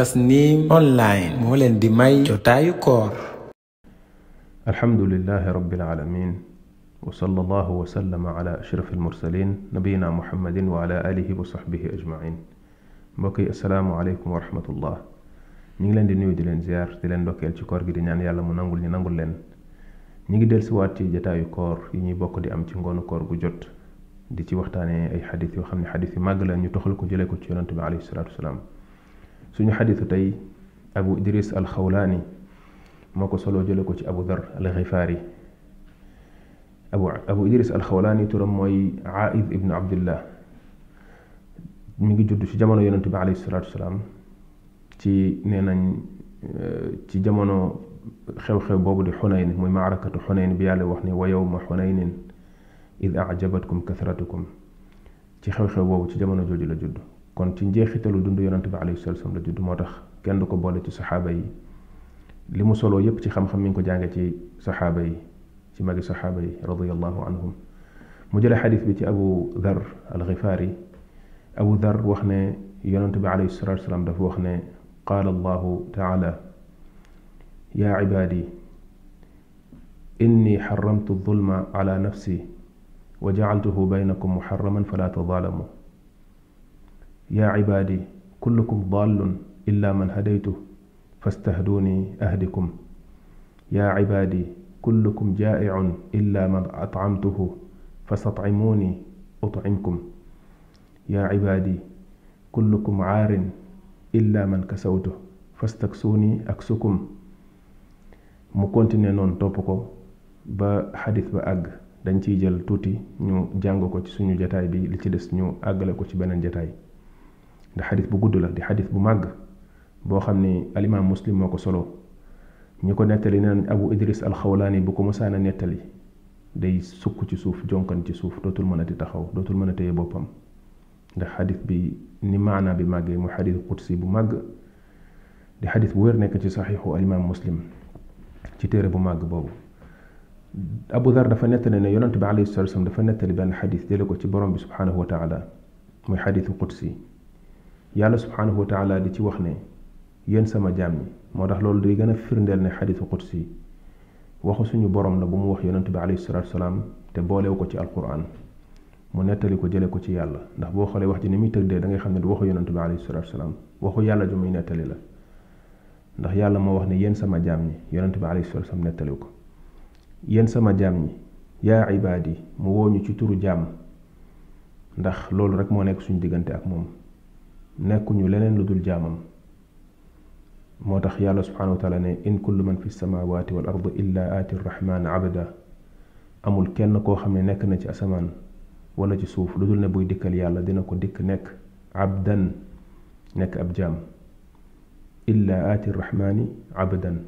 تسنيم أونلاين مولن دي كور الحمد لله رب العالمين وصلى الله وسلم على أشرف المرسلين نبينا محمد وعلى آله وصحبه أجمعين بقي السلام عليكم ورحمة الله نيلن دي نيو دي لن زيار دي لن دوكي ألتي كور جدي نعني يالا منانغول ني نانغول لن نيجي دل سواتي جتايو كور يني بوكو دي أمتي نغونو كور جوجوت دي تي وقتاني أي حديث وخمني حديث ماغلا نيو تخلقو جلكو تيرانتو عليه الصلاة suñu xadisu tey abu idris al xawlaani moo ko solo jële ko ci abu dar al xifaari abu abu idris al xawlaani turam mooy aid ibnu abdillah mi ngi judd ci jamono yonente bi alayhi salatu wasalaam ci nee nañ ci jamono xew-xew boobu di xunayn muy maarakatu xunayn bi yàlla wax ni wa yowma xunaynin id ajabatkum kasratukum ci xew-xew boobu ci jamono jooju la judd kon ci njeexitalu dund yonante bi alayhi salatu la judd motax tax kenn du ko bolé ci sahaba yi limu solo yépp ci xam-xam mi ngi ko jànge ci sahaba yi ci magi sahaba yi radiyallahu anhum mu jël hadith bi ci abu dhar al ghifari abu dhar wax ne yonante bi alayhi salatu wasalam dafa wax ne قال الله تعالى يا عبادي إني حرمت الظلم على نفسي وجعلته بينكم محرما فلا تظالموا yaa cibaadi kullukum dallun illa man hadaytu fastahduuni ahdikum yaa cibaadi kullukum jaa'icun illa man atcamtuhu fastatcimuuni utcimkum yaa cibaadi kullukum caarin illa man kasawtu fastaksuuni aksukum mu continuer noonu topp ko ba xadis ba àgg dañ ciy jël tuuti ñu jàng ko ci suñu jataay bi li ci des ñu àggale ko ci beneen jataay ndax hadith bu gudd la di xadis bu màgg boo xam ne alimaam muslim moo ko solo ñi ko nettali abu idris al xawlaani bu ko musaana nettali day sukk ci suuf jonkan ci suuf dootul mën a di taxaw dootul mën a téye boppam ndax hadith bi ni maana bi màggee mu xadis qudsi bu màgg di xadis bu wér nekk ci saxiixu alimaam muslim ci téere bu màgg boobu abu dhar dafa nettali ne yonante bi alayhi salatu dafa nettali benn xadis jële ko ci borom bi subhanahu wa taala muy xadisu qudsi yàlla subhanahu wa taala di ci wax ne yéen sama jaam ñi moo tax loolu day gën a firndeel ne xadisu qudsi waxu suñu borom la bu mu wax yonent bi alayhi salatu salaam te boolew ko ci alquran mu nettali ko jële ko ci yàlla ndax boo xoolee wax ji ni muy tëddee da ngay xam ne du waxu yonent bi alayhi salatu salaam waxu yàlla ju muy nettali la ndax yàlla moo wax ne yéen sama jaam ñi yonent bi alayhi salatu salaam nettali ko yéen sama jaam ñi yaa ibaadi mu woo ñu ci turu jaam ndax loolu rek moo nekk suñu diggante ak moom nekkuñu leneen lu dul jaamam moo tax yàlla subhanahu wa taala ne in kullu man fi samawati wal ard illa aati rrahman abada amul kenn koo xam ne nekk na ci asamaan wala ci suuf lu dul ne buy dikkal yàlla dina ko dikk nekk abdan nekk ab jaam illa aati rrahmani abdan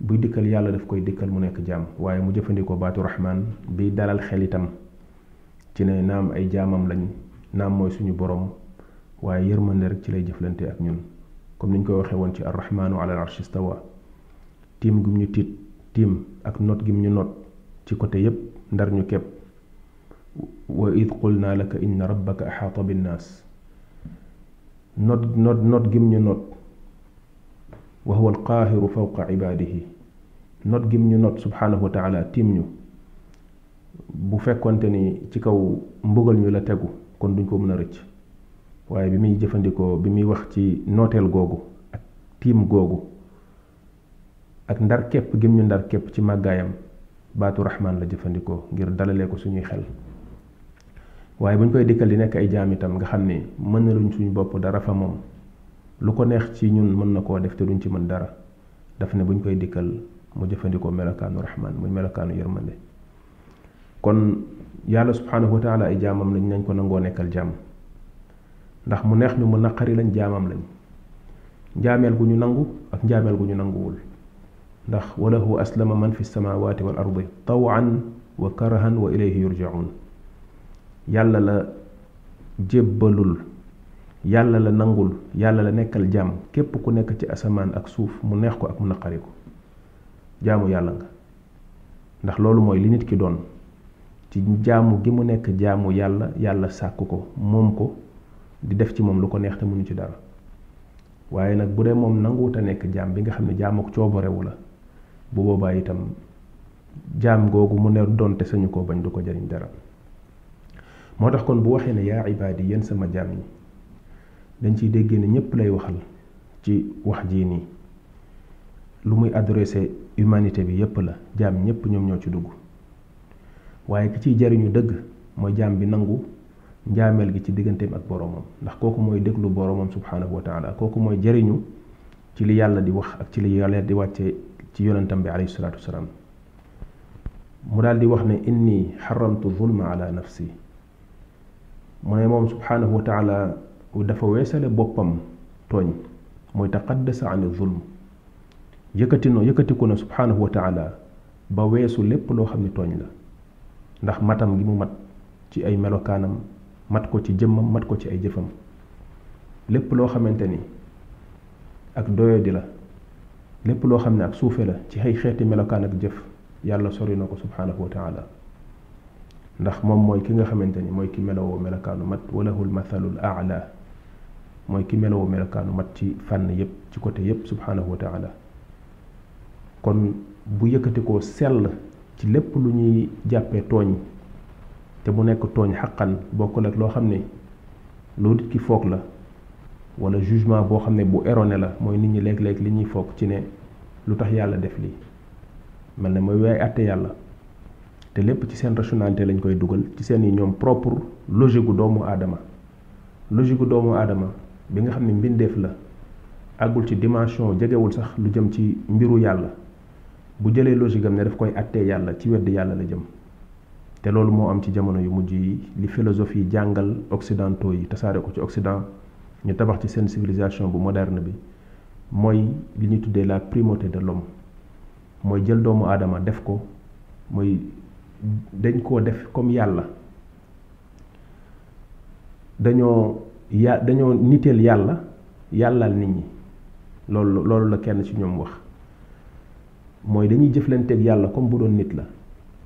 buy dikkal yàlla daf koy dikkal mu nekk jaam waaye mu jëfandikoo baatu rahmaan bi dalal xel itam ci ne naam ay jaamam lañ naam mooy suñu borom waaye yërmande rek ci lay jëflante ak ñun comme niñ ko waxe woon ci arrahmaanu ala arshi stawa tiim gum ñu tit tiim ak not gim ñu not ci côté yépp ndar ñu képp wa id qulna laka inna rabbaka ahata binnas not not not gim ñu not wa huwa alqahiru fawqa ibadihi not gim ñu not subhanahu wa ta'ala tiim ñu bu fekkonte ni ci kaw mbugal ñu la tegu kon duñ ko mën a rëcc waaye bi muy jëfandikoo bi muy wax ci nooteel googu ak tiim googu ak ndar képp gim ñu ndar képp ci màggaayam baatu raxmaan la jëfandikoo ngir dalalee ko suñuy xel waaye bu ñu koy dikkal di nekk ay jaam itam nga xam ne mënaluñ suñu bopp dara fa moom lu ko neex ci ñun mën na koo def te duñ ci mën dara daf ne bu ñu koy dikkal mu jëfandikoo melokaanu raxmaan muy melokaanu yërmande kon yàlla subhaanahu wa taala ay jaamam lañ nañ ko nangoo nekkal jàmm ndax mu neex ñu mu naqari lañ jaamam lañ njaameel gu ñu nangu ak njaameel gu ñu nanguwul ndax walahu aslama man fi samawati wal ardi tawan wa karahan wa ilayhi yurjaun yàlla la jébbalul yàlla la nangul yàlla la nekkal jàmm képp ku nekk ci asamaan ak suuf mu neex ko ak mu naqari ko jaamu yàlla nga ndax loolu mooy li nit ki doon ci jaamu gi mu nekk jaamu yàlla yàlla sàkk ko moom ko di def ci moom lu ko neex te mënu ci dara waaye nag bu dee moom nanguwut a nekk jaam bi nga xam ne jaam ak coobarewu la bu boobaa itam jaam googu mu ne donte sañu ko bañ du ko jariñ dara moo tax kon bu waxee ne yaa ibaadi yéen sama jaam ñi dañ ciy déggee ne ñépp lay waxal ci wax jii nii lu muy adressé humanité bi yépp la jaam ñépp ñoom ñoo ci dugg waaye ki ciy jariñu dëgg mooy jaam bi nangu njaameel gi ci digganteem ak boromam ndax kooku mooy déglu boromam subhaanahu wa taala kooku mooy jariñu ci li yàlla di wax ak ci li yàlla di wàcce ci yonentam bi alayhi salaatu mu daal di wax ne inni xarantu zulma ala nafsi mu ne moom subhaanahu dafa weesale boppam tooñ mooy taqaddasa an zulm yëkkati no yëkkatiku na subhaanahu wa ba weesu lépp loo xam ne tooñ la ndax matam gi mu mat ci ay melokaanam mat ko ci jëmmam mat ko ci ay jëfam lépp loo xamante ni ak doyo di la lépp loo xam ne ak suufe la ci ay xeeti melokaan ak jëf yàlla sori na ko subhanahu wa taala ndax moom mooy ki nga xamante ni mooy ki melowoo melokaanu mat walahul mathalul aala mooy ki melowoo melokaanu mat ci fànn yépp ci côté yépp subhanahu wa taala kon bu yëkkatikoo sell ci lépp lu ñuy jàppee tooñ te mu nekk tooñ xaqan bokkul ak loo xam ne loo nit ki foog la wala jugement boo xam ne bu erroné la mooy nit ñi léeg-léeg li ñuy foog ci ne lu tax yàlla def lii mel ne mooy waay àtte yàlla te lépp ci seen rationalité lañ koy dugal ci seen yi ñoom propre logique gu doomu aadama logique gu doomu aadama bi nga xam ne mbindeef la àggul ci dimension jegewul sax lu jëm ci mbiru yàlla bu jëlee logique am ne daf koy àttee yàlla ci wedd yàlla la jëm te loolu moo am ci jamono yu mujj yi li philosophes yi jàngal occidentaux yi tasaare ko ci occident ñu tabax ci seen sibilisation bu moderne bi mooy li ñu tuddee la primauté de l'homme mooy jël doomu aadama def ko mooy dañ koo def comme yàlla dañoo ya dañoo niteel yàlla yàllal nit ñi loolu loolu la kenn ci ñoom wax mooy dañuy jëflanteeg yàlla comme bu doon nit la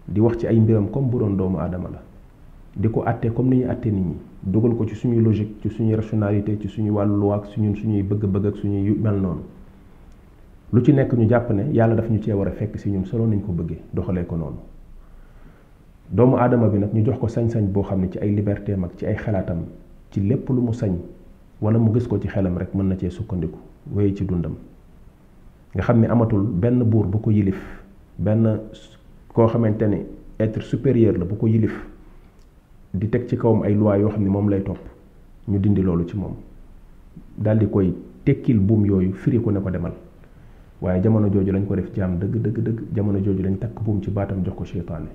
di wax ci ay mbiram comme bu doon doomu aadama la di ko àtte comme ni ñu àtte nit ñi dugal ko ci suñuy logique ci suñuy rationalité ci suñu wàllu loi ak suñu suñuy bëgg-bëgg ak suñuy mel noonu lu ci nekk ñu jàpp ne yàlla daf ñu cee war a fekk si ñun solo nañ ko bëggee doxalee ko noonu doomu aadama bi nag ñu jox ko sañ-sañ boo xam ne ci ay libertéem ak ci ay xalaatam ci lépp lu mu sañ wala mu gis ko ci xelam rek mën na cee sukkandiku wéy ci dundam nga xam koo xamante ne être supérieur la bu ko yilif di teg ci kawam ay loi yoo xam ne moom lay topp ñu dindi loolu ci moom daal di koy tekkil buum yooyu firi ko ne ko demal waaye jamono jooju lañ ko def jaam dëgg dëgg dëgg jamono jooju lañ takk buum ci baatam jox ko seytaane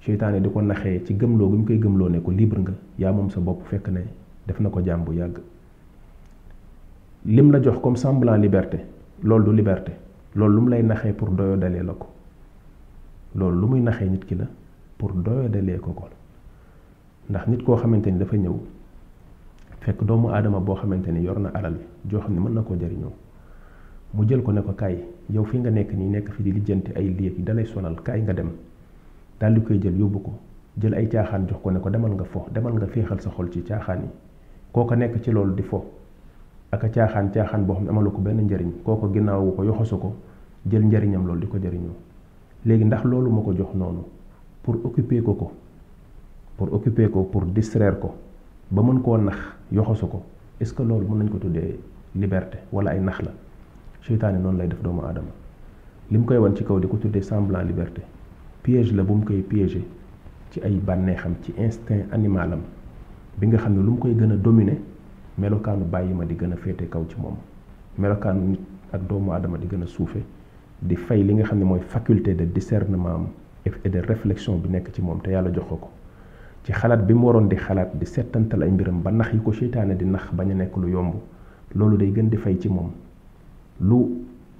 seytaane di ko naxee ci gëmloo gi mu koy gëmloo ne ko libre nga yaa moom sa bopp fekk ne def na ko jaam bu yàgg lim la jox comme semblant liberté loolu du liberté loolu lu mu lay naxee pour doyo dalee la ko loolu lu muy naxee nit ki la pour doyodalee ko ko ndax nit koo xamante ni dafa ñëw fekk doomu aadama boo xamante ni yor na alal joo xam ne mën na koo jariñoo mu jël ko ne ko kay yow fi nga nekk ni nekk fi di lijjanti ay yi dalay sonal kay nga dem daal di koy jël yóbbu ko jël ay caaxaan jox ko ne ko demal nga fo demal nga féexal sa xol ci caaxaan yi kooko nekk ci loolu di fo ak caaxaan caaxaan boo xam ne amalu ko benn njariñ ko yoxosu ko jël njariñam loolu di ko jariñoo léegi ndax loolu ma ko jox noonu pour occuper ko ko pour occuper ko pour distraire ko ba mën koo nax yoxosu ko est-ce que loolu mën nañ ko tuddee liberté wala ay nax la seytaane noonu lay def doomu aadama li mu koy wan ci kaw di ko tuddee semblant liberté piège la bu mu koy piéger ci ay bànneexam ci instinct animalam bi nga xam ne lu mu koy gën a dominer melokaanu bàyyi ma di gën a féete kaw ci moom melokaanu nit ak doomu aadama di gën a suufe di fay li nga xam ne mooy faculté de discernement et de réflexion bi nekk ci moom te yàlla jox ko ci xalaat bi mu waroon di xalaat di settantal ay mbiram ba nax yi ko seytaane di nax bañ a nekk lu yomb loolu day gën di fay ci moom lu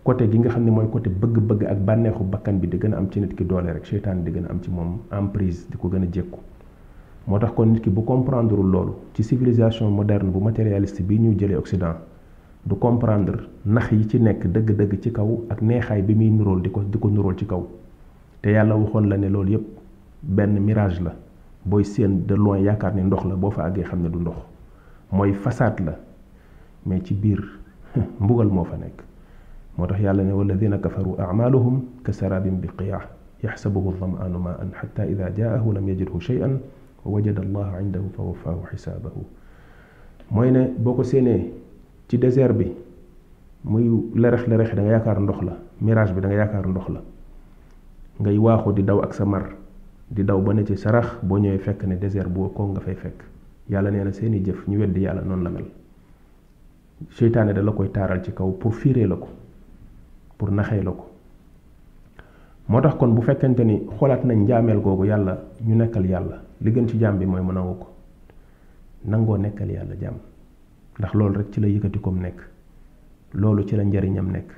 côté gi nga xam ne mooy côté bëgg-bëgg ak bànneexu bakkan bi di gën a am ci nit ki doole rek seytaane di gën a am ci moom emprise di ko gën a jékku moo tax kon nit ki bu comprendreul loolu ci civilisation moderne bu matérialiste bii ñu jëlee Occident du comprendre nax yi ci nekk dëgg-dëgg ci kaw ak neexaay bi muy nuróol di ko di ko nuróol ci kaw te yàlla waxoon la ne loolu yépp benn mirage la booy seen de loin yaakaar ne ndox la boo fa àggee xam ne du ndox mooy façade la mais ci biir mbugal moo fa nekk moo tax yàlla ne walladina kafaru amaluhum kasarabin biqiya يحسبه الظمآن ماء حتى إذا جاءه لم يجده شيئا ووجد الله عنده فوفاه حسابه موي ne boko sene ci désert bi muy lerex lerex da yaakaar ndox la mirage bi dangay yaakaar ndox la ngay waaxu di daw ak sa mar di daw ba ne ci sarax boo ñëwee fekk ne désert boo ko nga fay fekk yàlla nee na seeni jëf ñu weddi yàlla noonu la mel seytaane dala koy taaral ci kaw pour fiiree la ko pour naxee la ko moo tax kon bu fekkente ni xoolaat nañ njaameel googu yàlla ñu nekkal yàlla li gën ci jaam bi mooy mu nangu ko nangoo nekkal yàlla jàmm ndax loolu rek ci la yëkkati mu nekk loolu ci la njariñam nekk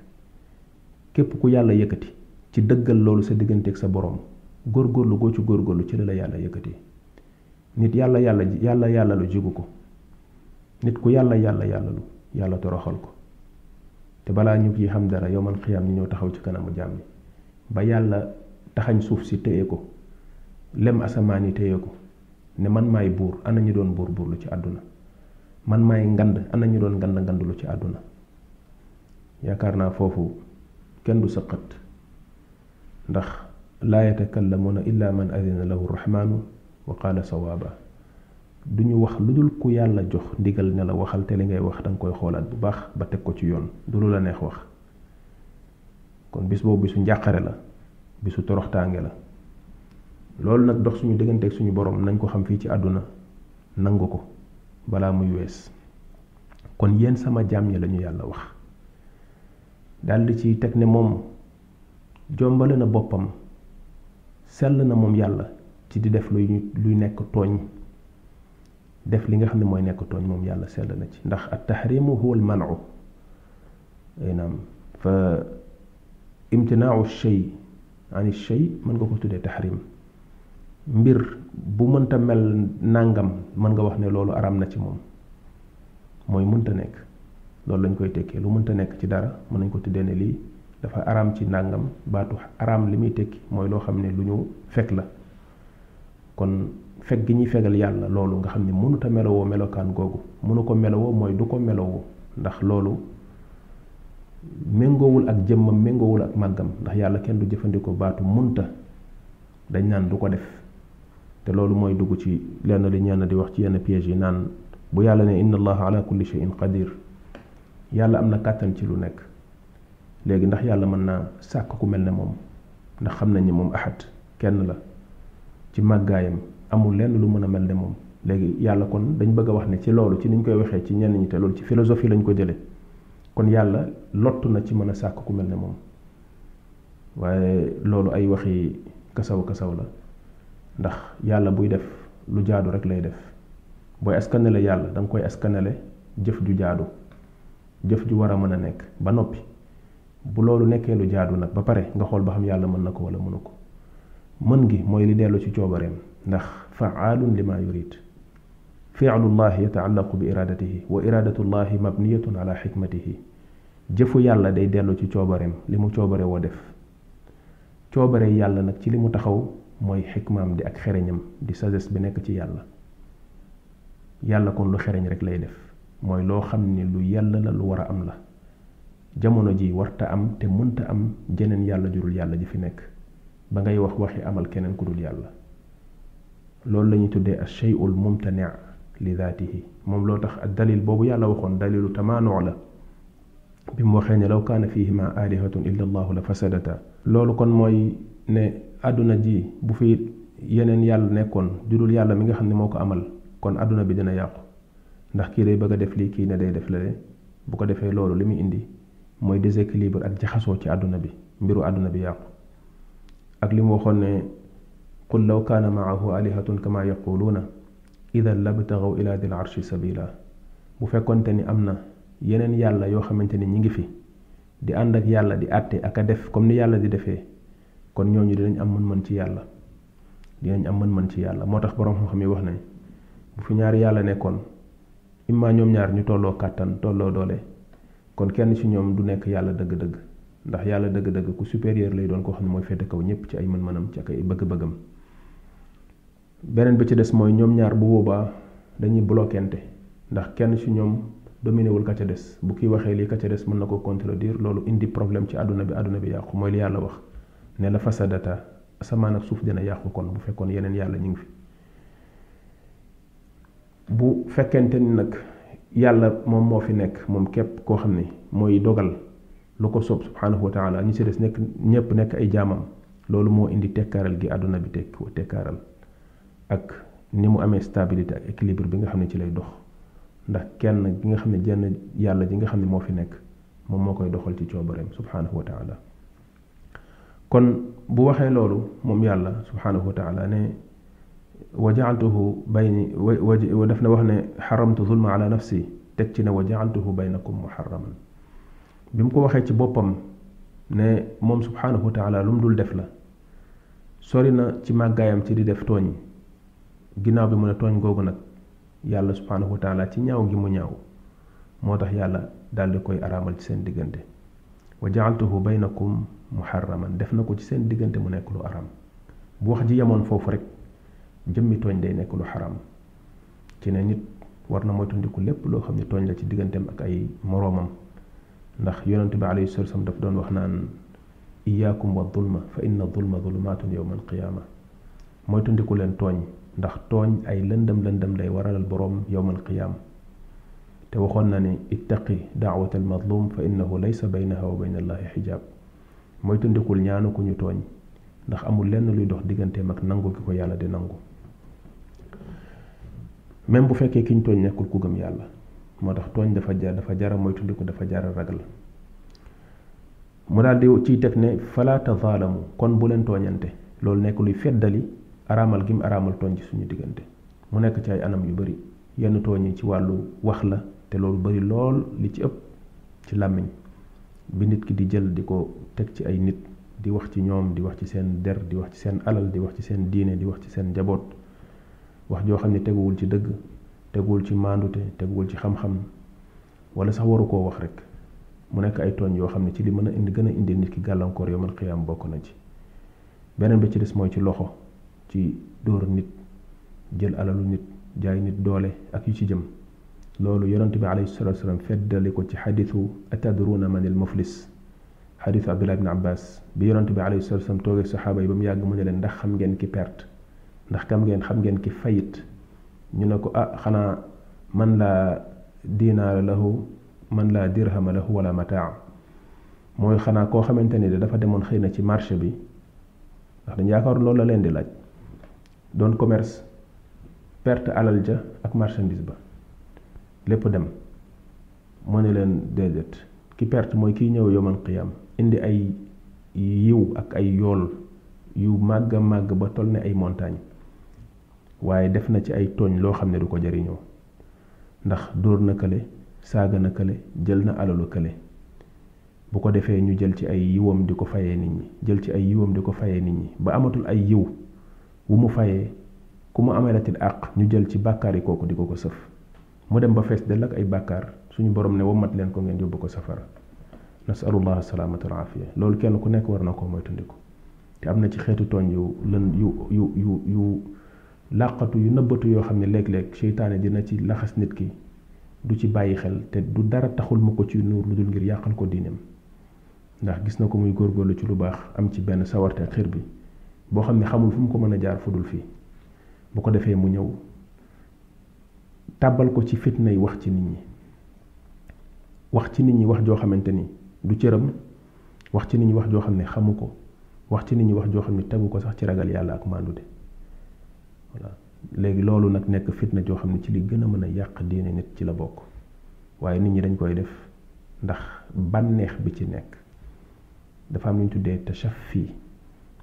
képp ku yàlla yëkkati ci dëggal loolu sa digganteeg sa borom góor goo ci góorgóorlu ci la yàlla yëkkati nit yàlla yàlla yàlla yàlla lu jigu ko nit ku yàlla yàlla yàlla lu yàlla toroxal ko te balaa ñu ci xam dara yow man xiyam ñu ñëw taxaw ci kanamu jàmm ba yàlla taxañ suuf si téye ko lem asamaan yi téye ko ne man maay buur ana ñu doon buur buur lu ci àdduna man may ngand ana ñu doon ngand ngand lu ci aduna yakarna na fofu kenn du saqat ndax la yatakallamuna illa man adina lahu arrahman wa qala sawaba duñu wax ludul ku yalla jox ndigal ne la waxal te li ngay wax dang koy xolaat bu baax ba tek ko ci yoon du lu la neex wax kon bis bobu bisu njaqare la bisu toroxtaange la loolu nag dox suñu digganteeg suñu borom nañ ko xam fii ci aduna nangu ko bala muy wess kon yéen sama jaam ñi lañu yàlla wax dal daldi ci tek ne mom jombale na bopam sel na mom yàlla ci di def luy luy nek togn def li nga xamne moy nek togn mom yàlla sel na ci ndax at tahrimu huwa al manu enam fa imtinaau shay an shay man nga ko tuddé tahrim mbir bu mënta mel nàngam mën nga wax ne loolu araam na ci moom mooy mënta nekk loolu lañ koy tekkee lu mënta nekk ci dara mën nañ ko tuddee ne lii dafa araam ci nàngam baatu araam li muy tekki mooy loo xam ne lu ñu fekk la kon fekk gi ñuy fegal yàlla loolu nga xam ne mënuta melowoo melokaan googu mënu ko melowoo mooy du ko melowoo ndax loolu méngoowul ak jëmmam méngoowul ak màggam ndax yàlla kenn du jëfandikoo baatu mënta dañ naan du ko def te loolu mooy dugg ci lenn li ñenn di wax ci yenn piège yi naan bu yàlla ne inna allaha ala kulli shay'in qadir yàlla am na kàttan ci lu nekk léegi ndax yàlla mën naa sàkk ku mel ne moom ndax xam nañ ni moom ahad kenn la ci màggaayam amul lenn lu mën a mel ne moom léegi yàlla kon dañ bëgg a wax ne ci loolu ci niñ koy waxee ci ñenn ñi te loolu ci philosophie lañ ko jëlee kon yàlla lott na ci mën a sàkk ku mel ne moom waaye loolu ay waxi kasaw kasaw la ndax yàlla buy def lu jaadu rek lay def booy askanale yàlla danga koy askanale jëf ju jaadu jëf ju war a mën a nekk ba noppi bu loolu nekkee lu jaadu nag ba pare nga xool ba xam yàlla mën na ko wala mënu ko mën gi mooy li dellu ci coobareem ndax faalun lima yurid fi'lullahi yataallaqu bi iradatihi wa iradatullahi mabniyatun ala xikmatihi jëfu yàlla day dellu ci coobareem li mu coobare woo def coobare yàlla nag ci li mu taxaw mooy xikmaam di ak xereñam di sagesse bi nekk ci yàlla yàlla kon lu xereñ rek lay def mooy loo xam lu yàlla la lu war a am la jamono ji warta am te munta am jeneen yàlla jurul yàlla ji fi nekk ba ngay wax waxi amal keneen ku dul yàlla loolu la ñu tuddee as shay'ul mumtani li dhatihi moom loo tax ak dalil boobu yàlla waxoon dalilu tamaanoo la bi mu waxee ne law kaana fihima alihatun illa allahu la fasadata loolu kon mooy ne aduna ji bu fi yeneen yàlla nekkoon judul yàlla mi nga xam ne moo ko amal kon aduna bi dina yàqu ndax kii day bëgg a def lii kii ne day def la bu ko defee loolu li muy indi mooy déséquilibre ak jaxasoo ci aduna bi mbiru aduna bi yàqu ak li mu waxoon ne qul law kaana maahu alihatun kama yaquluna idan labtagaw ila dil arshi sabila bu fekkonte ni am na yeneen yàlla yoo xamante ni ñi ngi fi di ànd ak yàlla di àtte ak a def comme ni yàlla di defee kon ñooñu dinañ am mën-mën ci yàlla dinañ am mën-mën ci yàlla moo tax borom xam-xam yi wax nañ bu fi ñaar yàlla nekkoon imma ñoom ñaar ñu tolloo kàttan tolloo doole kon kenn ci ñoom du nekk yàlla dëgg-dëgg ndax yàlla dëgg-dëgg ku supérieur lay doon koo xam ne mooy féete kaw ñépp ci ay mën-mënam ci ak ay bëgg-bëggam beneen bi ci des mooy ñoom ñaar bu boobaa dañuy bloquente ndax kenn ci ñoom dominé wul ka ca des bu kii waxee lii ka ca des mën na ko contredire loolu indi problème ci àdduna bi àdduna bi yàqu mooy li yàlla wax ne la fasadata asamaan ak suuf dina yàqu kon bu fekkoon yeneen yàlla ñu ngi fi bu fekkente ni nag yàlla moom moo fi nekk moom képp koo xam ne mooy dogal lu ko soob subhaanahu wa taala ñi ci des nekk ñépp nekk ay jaamam loolu moo indi tekkaaral gi àdduna bi tekk tekkaaral ak ni mu amee stabilité ak bi nga xam ne ci lay dox ndax kenn gi nga xam ne jenn yàlla ji nga xam ne moo fi nekk moom moo koy doxal ci coobareem subhaanahu wa kon bu waxee loolu moom yàlla subhaanahu wa taala ne wa jaaltuhu bayni bay daf na wax ne xaramtu zulma ala nafsi teg ci ne wa jaaltuhu baynakum muharraman bi mu ko waxee ci boppam ne moom subhaanahu wa lu mu dul def la sori na ci màggaayam ci di def tooñ ginnaaw bi mu ne tooñ googu nag yàlla subhaanahu wa taala ci ñaaw gi mu ñaaw moo tax yàlla di koy araamal ci seen diggante wa jaaltuhu baynakum muharraman def na ko ci seen diggante mu nekk lu aram bu wax ji yemoon foofu rek jëmmi tooñ day nekk lu xaram ci ne nit war na moytandiku lépp loo xam ne tooñ la ci digganteem ak ay moroomam ndax yonente bi alayhi salatu wasallam daf doon wax naan iyaakum wa dulma fa inna dulma zulumatun yawma alqiyama moytandiku leen tooñ ndax tooñ ay lëndëm lëndëm lay waralal boroom yawma alqiyama te waxoon na ne ittaqi daawata almadlum fa innahu laysa baynaha wa bayna allahi xijaab mooy tëndikul ñaanu ku ñu tooñ ndax amul lenn luy dox digganteem ak nangu ki ko yàlla di nangu même bu fekkee ki ñu tooñ nekkul ku gëm yàlla moo tax tooñ dafa jar dafa jara mooy tëndiku dafa jara ragal mu daal di ciy teg ne fala tazaalamu kon bu leen tooñante loolu nekk luy feddali araamal gi mu araamal tooñ ci suñu diggante mu nekk ci ay anam yu bari yenn tooñ yi ci wàllu wax la te loolu bari lool li ci ëpp ci làmmiñ bi nit ki di jël di ko teg ci ay nit di wax ci ñoom di wax ci seen der di wax ci seen alal di wax ci seen diine di wax ci seen njaboot wax joo xam ne teguwul ci dëgg teguwul ci maandute teguwul ci xam-xam wala sax waru koo wax rek mu nekk ay tooñ yoo xam ne ci li mën a indi gën indi nit ki gàllankoor yomal xiyaam bokk na ci beneen bi ci des mooy ci loxo ci dóor nit jël alalu nit jaay nit doole ak yu ci jëm لولو يرنت بي عليه الصلاة والسلام فد لكو تحدثوا أتدرون من المفلس حديث عبد الله بن عباس بي يرنت بي عليه الصلاة والسلام توغي الصحابة يبم ياغ من يلن دخ خم جين كي پرت دخ كم جين خم جين كي فايت نينكو أ خنا من لا دينار له من لا درهم له ولا متاع موي خنا كو خمنتني دا فا ديمون خينا سي مارشي بي داخ دنج ياكار لول لا لين دي لاج دون كوميرس perte alal ja ak marchandise ba lépp dem mu ne leen déedéet ki perte mooy kiy ñëw yoman xiyam indi ay yiw ak ay yool yu màgg màgg ba toll ne ay montagne waaye def na ci ay tooñ loo xam ne du ko jariñoo ndax dóor na kële saaga na kële jël na alalu kële bu ko defee ñu jël ci ay yiwam di ko fayee nit ñi jël ci ay yiwam di ko fayee nit ñi ba amatul ay yiw wu mu fayee ku mu amelatil àq ñu jël ci bàkkaari kooku di ko ko sëf mu dem ba fees dell ak ay bàkkaar suñu borom ne womat leen ko ngeen yóbbu ko safara nasalullah salaamata wal afiya loolu kenn ku nekk war na koo moytandiku te am na ci xeetu tooñ yu lën yu yu yu làqatu yu nëbbatu yoo xam ne léeg-léeg seytaane dina ci laxas nit ki du ci bàyyi xel te du dara taxul mu ko ci nuur lu dul ngir yàqal ko diineem ndax gis na ko muy góor góorlu ci lu baax am ci benn sawarte ak bi boo xam ne xamul fu mu ko mën a jaar fudul fii bu ko defee mu ñëw tàbbal ko ci fitnay wax ci nit ñi wax ci nit ñi wax joo xamante ni du cëram wax ci nit ñi wax joo xam ne xamu ko wax ci nit ñi wax joo xam ne tegu ko sax ci ragal yàlla ak màndute voilà léegi loolu nag nekk fitna joo xam ne ci li gën a mën a yàq diine nit ci la bokk waaye nit ñi dañ koy def ndax bànneex bi ci nekk dafa am lu tuddee te tachaf fii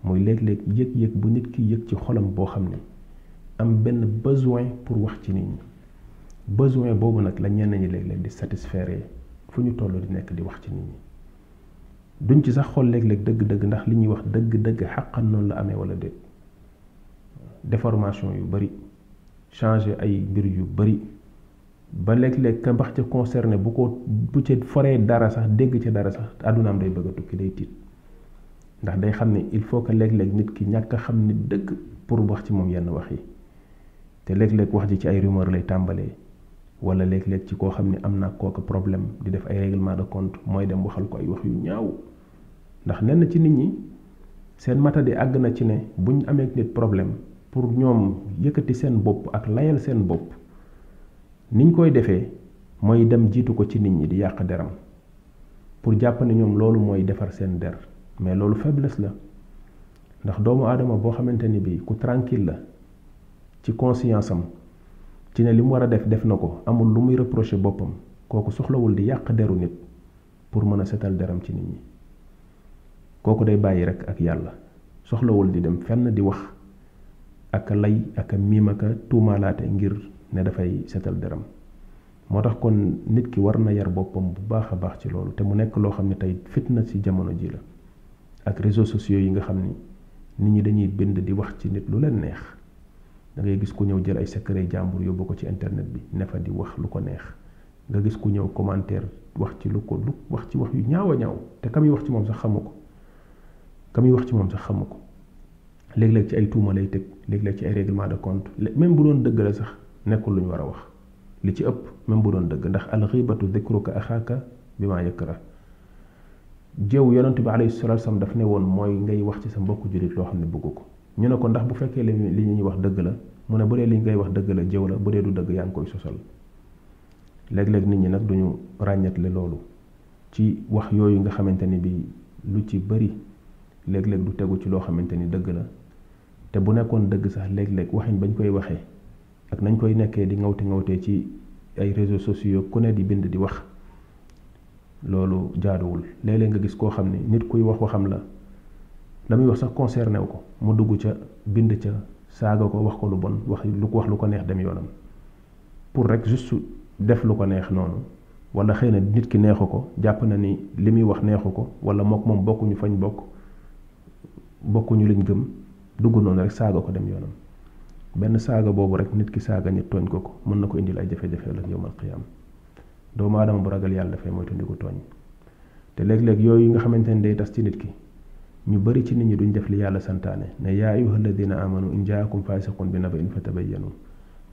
mooy léeg-léeg yëg-yëg bu nit ki yëg ci xolam boo xam ne am benn besoin pour wax ci nit besoin bobu nak la ñen ni leg leg di satisfaire fu ñu tollu di nek di wax ci nit ñi duñ ci sax xol leg leg deug deug ndax li ñi wax deug deug xàqan non la amé wala déet déformation yu bari changer ay mbir yu bari ba leg leg ka bax ci concerné bu ko bu ci foré dara sax dégg ci dara sax àddunaam day bëgg tukki day tit ndax day xamné il faut que leg leg nit ki ñaka a deug pour wax ci mom yenn wax yi te leg leg wax ji ci ay rumeur lay tambalé wala léeg-léeg ci koo xam ne am naa kooku problème di def ay réglement de compte mooy dem waxal ko ay wax yu ñaaw ndax nenn ci nit ñi seen matadi àgg na ci ne buñ amee nit problème pour ñoom yëkkati seen bopp ak layal seen bopp niñ koy defee mooy dem jiitu ko ci nit ñi di yàq deram pour jàpp ne ñoom loolu mooy defar seen der mais loolu faiblesse la ndax doomu aadama boo xamante ni bii ku tranquille la ci conscience am ci ne li mu war a def def na ko amul lu muy reprocher boppam kooku soxlawul di yàq deru nit pour mën a setal deram ci nit ñi kooku day bàyyi rek ak yàlla soxlawul di dem fenn di wax ak a lay ak a miim ak a tuumaalaate ngir ne dafay setal deram moo tax kon nit ki war na yar boppam bu baax a baax ci loolu te mu nekk loo xam ne tey fitna ci jamono ji la ak réseau sociaux yi nga xam ni nit ñi dañuy bind di wax ci nit lu leen neex da ngay gis ku ñëw jël ay secret jàmbur yóbbu ko ci internet bi ne fa di wax lu ko neex nga gis ku ñëw commentaire wax ci lu ko lu wax ci wax yu ñaaw a ñaaw te ka muy wax ci moom sax xamu ko ka muy wax ci moom sax xamu ko léegi léeg ci ay tuuma lay teg léeg-léeg ci ay règlement de compte même bu doon dëgg la sax nekkul lu ñu war a wax li ci ëpp même bu doon dëgg ndax alxibatu dikruka axaaka bi maa yëkkara jëw yonent bi alayhi salaatu wa daf ne woon mooy ngay wax ci sa mbokku jullit loo xam ne bëggu ko ñu ne ko ndax bu fekkee li li ñuy wax dëgg la mu ne bu dee li ngay wax dëgg la jëw la bu dee du dëgg yaa ngi koy sosal léeg-léeg nit ñi nag duñu ràññatle loolu ci wax yooyu nga xamante ni bi lu ci bari léeg-léeg du tegu ci loo xamante ni dëgg la te bu nekkoon dëgg sax léeg-léeg waxin bañ koy waxee ak nañ koy nekkee di ngawte ngawtee ci ay réseaux sociaux ku ne di bind di wax loolu jaaduwul léeg-léeg nga gis koo xam ne nit kuy wax waxam la la wax sax concerné wu ko mu dugg ca bind ca saaga ko wax ko lu bon wax lu ko wax lu ko neex dem yoonam pour rek juste def lu ko neex noonu wala xëy na nit ki neexu ko jàpp na ni li muy wax neexu ko wala mook moom bokkuñu fañ bokk bokkuñu luñ gëm dugg noonu rek saaga ko dem yoonam benn saaga boobu rek nit ki saaga nit tooñ ko ko mën na ko indil ay jafe-jafe la yawmal qiyaam doomu aadama bu ragal yàlla dafay moytandiku tooñ te léeg-léeg yooyu nga xamante ne day tas ci nit ki ñu bari ci nit ñi duñ def li yàlla santaane ne yaa ayuha alladina amanu in jaakum fasiqun bi nabain fatabayanu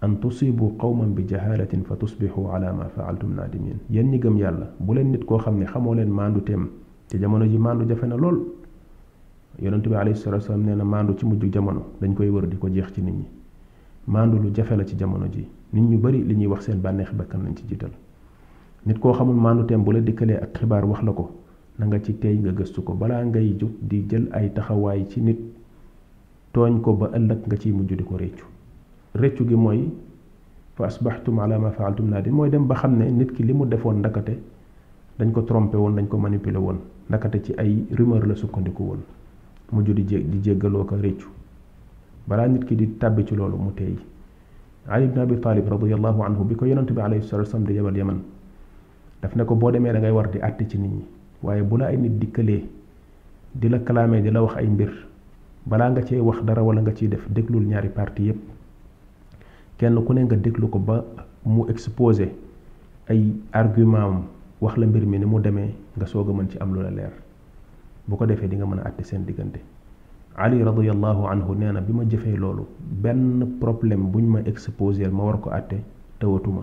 an tusibu qawman bi jahalatin fatusbihu ala ma faaltum nadimin yen ñi gëm yàlla bu leen nit koo xam ne xamoo leen maandu teem te jamono ji mandu jafe na lool yonent bi alayhi salatu wasalam nee na mandu ci mujj jamono dañ koy wër di ko jeex ci nit ñi mandu lu jafe la ci jamono ji nit ñu bari li ñuy wax seen bànneex bakkan nañ ci jiital nit koo xamul mandu tem bu la dikkalee ak xibaar wax la ko na nga ci tey nga gëstu ko balaa ngay jóg di jël ay taxawaay ci nit tooñ ko ba ëllëg nga ciy mujj di ko réccu réccu gi mooy fa asbaxtum ala ma faaltum di mooy dem ba xam ne nit ki li mu defoon ndakate dañ ko trompé woon dañ ko manipuler woon ndakate ci ay rumeur la sukkandiku woon mujj di jé di jéggaloo ko réccu balaa nit ki di tàbbi ci loolu mu tey ali ibn abi taalib radiallahu anhu bi ko yonent bi alayhi salatu wasalam di yebal yaman daf ne ko boo demee da ngay war di àtte ci nit ñi waaye bu la ay nit dikkalee di la kalaamee di la wax ay mbir balaa nga cee wax dara wala nga ciy def déglul ñaari parti yépp kenn ku ne nga déglu ko ba mu exposé ay argument wax la mbir mi ne mu demee nga soog a mën ci am lu la leer bu ko defee di nga mën a àtte seen diggante ali radiallahu anhu nee na bi ma jëfee loolu benn problème buñ ma exposé ma war ko àtte ma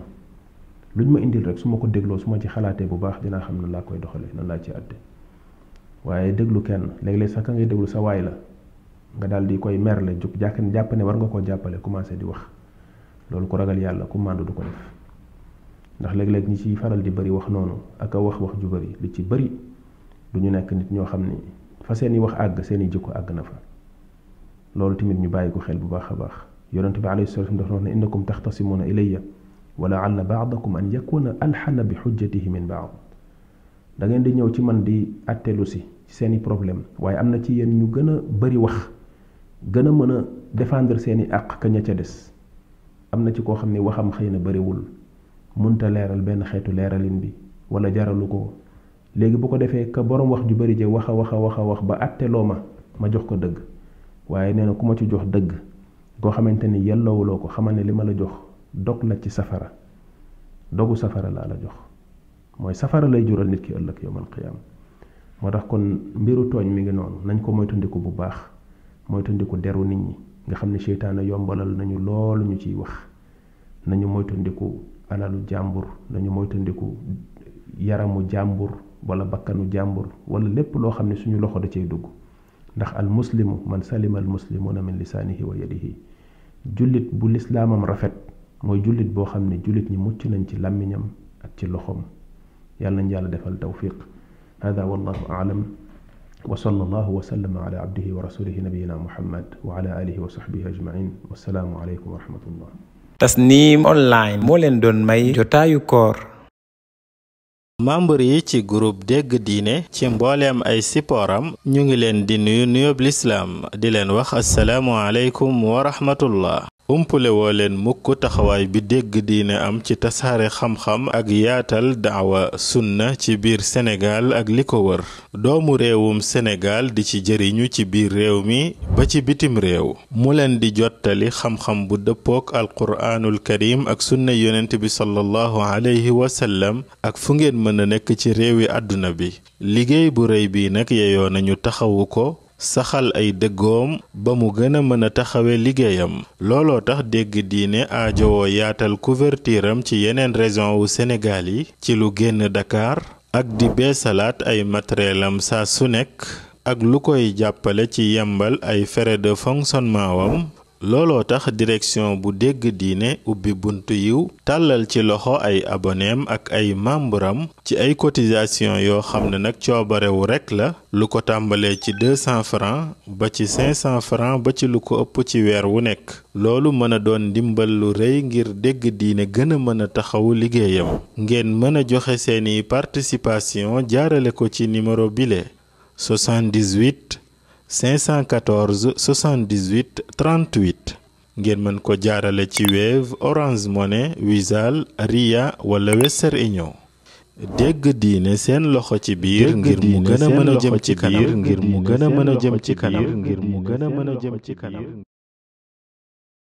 luñ ma indil rek su ma ko dégloo su ma ci xalaatee bu baax dinaa xam nan laa koy doxalee nan laa ci àdde waaye déglu kenn léeg-léeg sax ka ngay déglu sa waay la nga daal di koy merle jug jàkk jàpp ne war nga koo jàppale commencé di wax loolu ku ragal yàlla ku màndu du ko def ndax léeg-léeg ñi ci faral di bari wax noonu ak a wax wax ju bari li ci bari du ñu nekk nit ñoo xam ni fa seeni wax àgg seeni jikko àgg na fa loolu tamit ñu bàyyi ko xel bu baax a baax yonente bi alayhi salaam dafa wax ne innakum taxtasimuna ilayya ولعل بعضكم ان يكون الحن بحجته من بعض دا نين دي نييو سي مان دي اتيلو سي سيني بروبليم واي امنا سي يين نيو غنا بري واخ غنا مانا ديفاندر سيني حق كنيا تي ديس امنا سي كو خامني واخام خينا بري وول مونتا ليرال بن خيتو ليرالين بي ولا جارالوكو legi bu ko defee ka borom wax ju bari je waxa waxa waxa wax ba atteloo ma ma jox ko dëgg waaye nee na ku ma ci jox dëgg goo xamante ni yellowuloo ko xamal ne dog la ci safara dogu safara laa la jox mooy safara lay jural nit ki ëllëg yowmal qiyaam moo tax kon mbiru tooñ mi ngi noonu nañ ko moytandiku bu baax moytandiku deru nit ñi nga xam ne seytaane yombalal nañu loolu ñu ciy wax nañu moytandiku alalu jàmbur nañu moytandiku yaramu jàmbur wala bakkanu jàmbur wala lépp loo xam ne suñu loxo da cay dugg ndax al muslimu man salima al muslimuna min lisaanihi wa yadihi jullit bu lislaamam rafet mooy jullit boo xam ne jullit ñi mucc nañ ci làmmiñam ak ci loxom yàlla nañ yàlla defal tawfiq هذا والله أعلم وصلى الله وسلم على عبده ورسوله نبينا محمد وعلى آله وصحبه أجمعين والسلام عليكم ورحمة الله تسنيم أونلاين مولن دون ماي جوتايو كور membre yi ci groupe dégg diine ci mbooleem ay sipooram ñu ngi leen di nuyu nuyoob lislaam di leen wax assalaamu aleykum wa rahmatullah umpule woo leen mukk taxawaay bi dégg diine am ci tasaare xam-xam ak yaatal daawa sunna ci biir Sénégal ak li ko wër doomu réewum Sénégal di ci jëriñu ci biir réew mi ba ci bitim réew mu leen di jottali xam-xam bu dëppook alquraanul karim ak sunna yonent bi sallallahu alayhi wa ak fu ngeen mën a nekk ci réewi àdduna bi liggéey bu rëy bii nag yeyoo nañu taxawu ko saxal ay dëggoom ba mu gën a mën a taxawee liggéeyam looloo tax dégg diine aajowoo yaatal couverture ci yeneen région wu Sénégal yi ci lu génn Dakar ak di beesalaat ay matériel am saa su nekk ak lu koy jàppale ci yembal ay frais de fonctionnement wam looloo tax direction bu dégg diine ubbi buntu yiw tàllal ci loxo ay aboneem ak ay membram ci ay cotisation yoo xam ne nag coobarewu rekk la lu ko tàmbalee ci 200 francs ba ci 500 francs ba ci lu ko ëpp ci weer wu nekk loolu mën a doon ndimbal lu rëy ngir dégg diine gën a mën a taxawu liggéeyam ngeen mën a joxe seeni participation jaarale ko ci numéro bile 78 514 78 38 ngeen mën ko jaarale ci Wave Orange Money Wizall Ria wala Western Union dégg diine seen loxo ci biir ngir mu gën a mën a jëm ci kanam ngir mu gën a mën a jëm ci kanam ngir mu gën a mën a jëm ci kanam